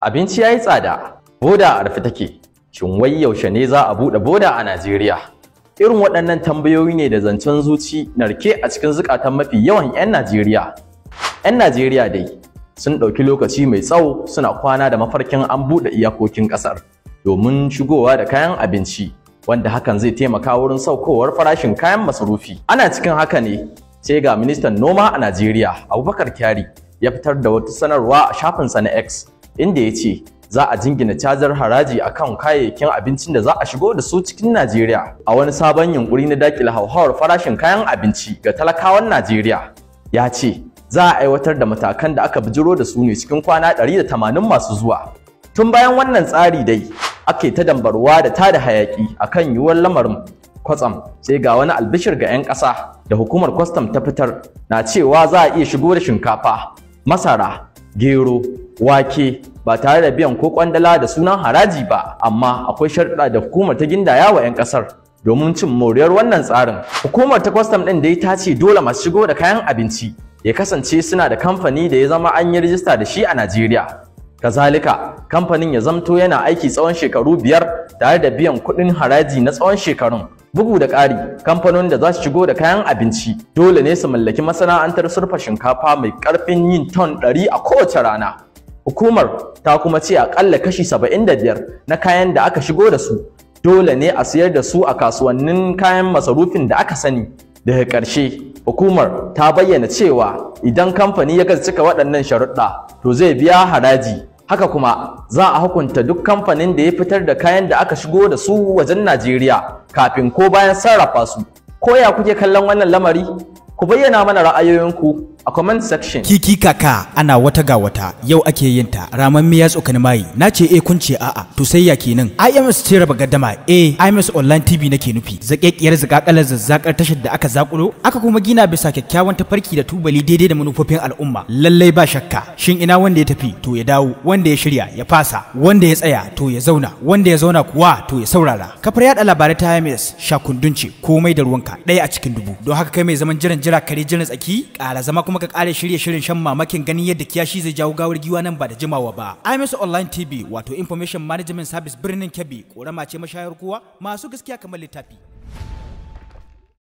Abinci ya yi tsada, boda a rufe take, shin wai yaushe ne za a buɗe boda a Najeriya? Irin waɗannan tambayoyi ne da zancen zuci narke a cikin zukatan mafi yawan 'yan Najeriya. 'Yan Najeriya dai sun ɗauki lokaci mai tsawo suna kwana da mafarkin an buɗe iyakokin ƙasar domin shigowa da kayan abinci, wanda hakan zai taimaka wurin saukowar farashin kayan masarufi. Ana cikin haka ne, sai ga ministan noma a Najeriya, Abubakar Kyari, ya fitar da wata sanarwa a shafinsa na X inda ya ce za a jingina cajar haraji a kan kayayyakin abincin da za a shigo da su cikin Najeriya a wani sabon yunkuri na dakile hauhawar farashin kayan abinci ga talakawan Najeriya. Ya ce, za a aiwatar da matakan da aka bijiro da su ne cikin kwana 180 masu zuwa. Tun bayan wannan tsari dai, ake ta dambarwa da tada hayaki kan yiwuwar lamarin kwatsam sai ga wani albishir ga 'yan ƙasa da hukumar kwastam ta fitar na cewa za a iya shigo da shinkafa, masara, gero, wake, ba tare da biyan ko kwandala da sunan haraji ba amma akwai sharɗa da hukumar ta gindaya wa 'yan ƙasar domin cin moriyar wannan tsarin hukumar ta kwastam ɗin da ta ce dole masu shigo da kayan abinci ya kasance suna da kamfani da ya zama an yi rijista da shi a Najeriya kazalika kamfanin ya zamto yana aiki tsawon shekaru biyar tare da biyan kuɗin haraji na tsawon shekarun bugu da ƙari kamfanin da za su shigo da kayan abinci dole ne su mallaki masana'antar surfa shinkafa mai ƙarfin yin ton ɗari a kowace rana Hukumar ta kuma ce akalla kashi 75 na kayan da aka shigo da su dole ne a siyar da su a kasuwannin kayan masarufin da aka sani. Daga ƙarshe, hukumar ta bayyana cewa idan kamfani ya gaza cika waɗannan sharuɗa to zai biya haraji. Haka kuma za a hukunta duk kamfanin da ya fitar da kayan da aka shigo da su wajen Najeriya kafin ko bayan sarrafa su. Ko ya kuke kallon wannan lamari? Ku bayyana mana ra'ayoyinku a comment section kiki kaka ana wata ga wata yau ake yin ta raman miya tsokani mai na ce eh kun ce a'a to sai ya kenan IMS ce raba gaddama eh IMS online TV nake nufi zakekiyar zakakalar zazzakar tashar da aka zakulo aka kuma gina bisa kyakkyawan tafarki da tubali daidai da manufofin al'umma lallai ba shakka shin ina wanda ya tafi to ya dawo wanda ya shirya ya fasa wanda ya tsaya to ya zauna wanda ya zauna kuwa to ya saurara kafar yada labarai ta IMS shakundunci komai da ruwanka ɗaya a cikin dubu don haka kai mai zaman jiran jira kare jiran tsaki ƙara zama kuma kuma ka ƙara shirye shirin shan mamakin ganin yadda kiyashi zai jawo gawar giwa nan ba da jimawa ba. IMS Online TV wato Information Management Service birnin Kebbi ƙorama ce mashayar kowa masu gaskiya kamar littafi.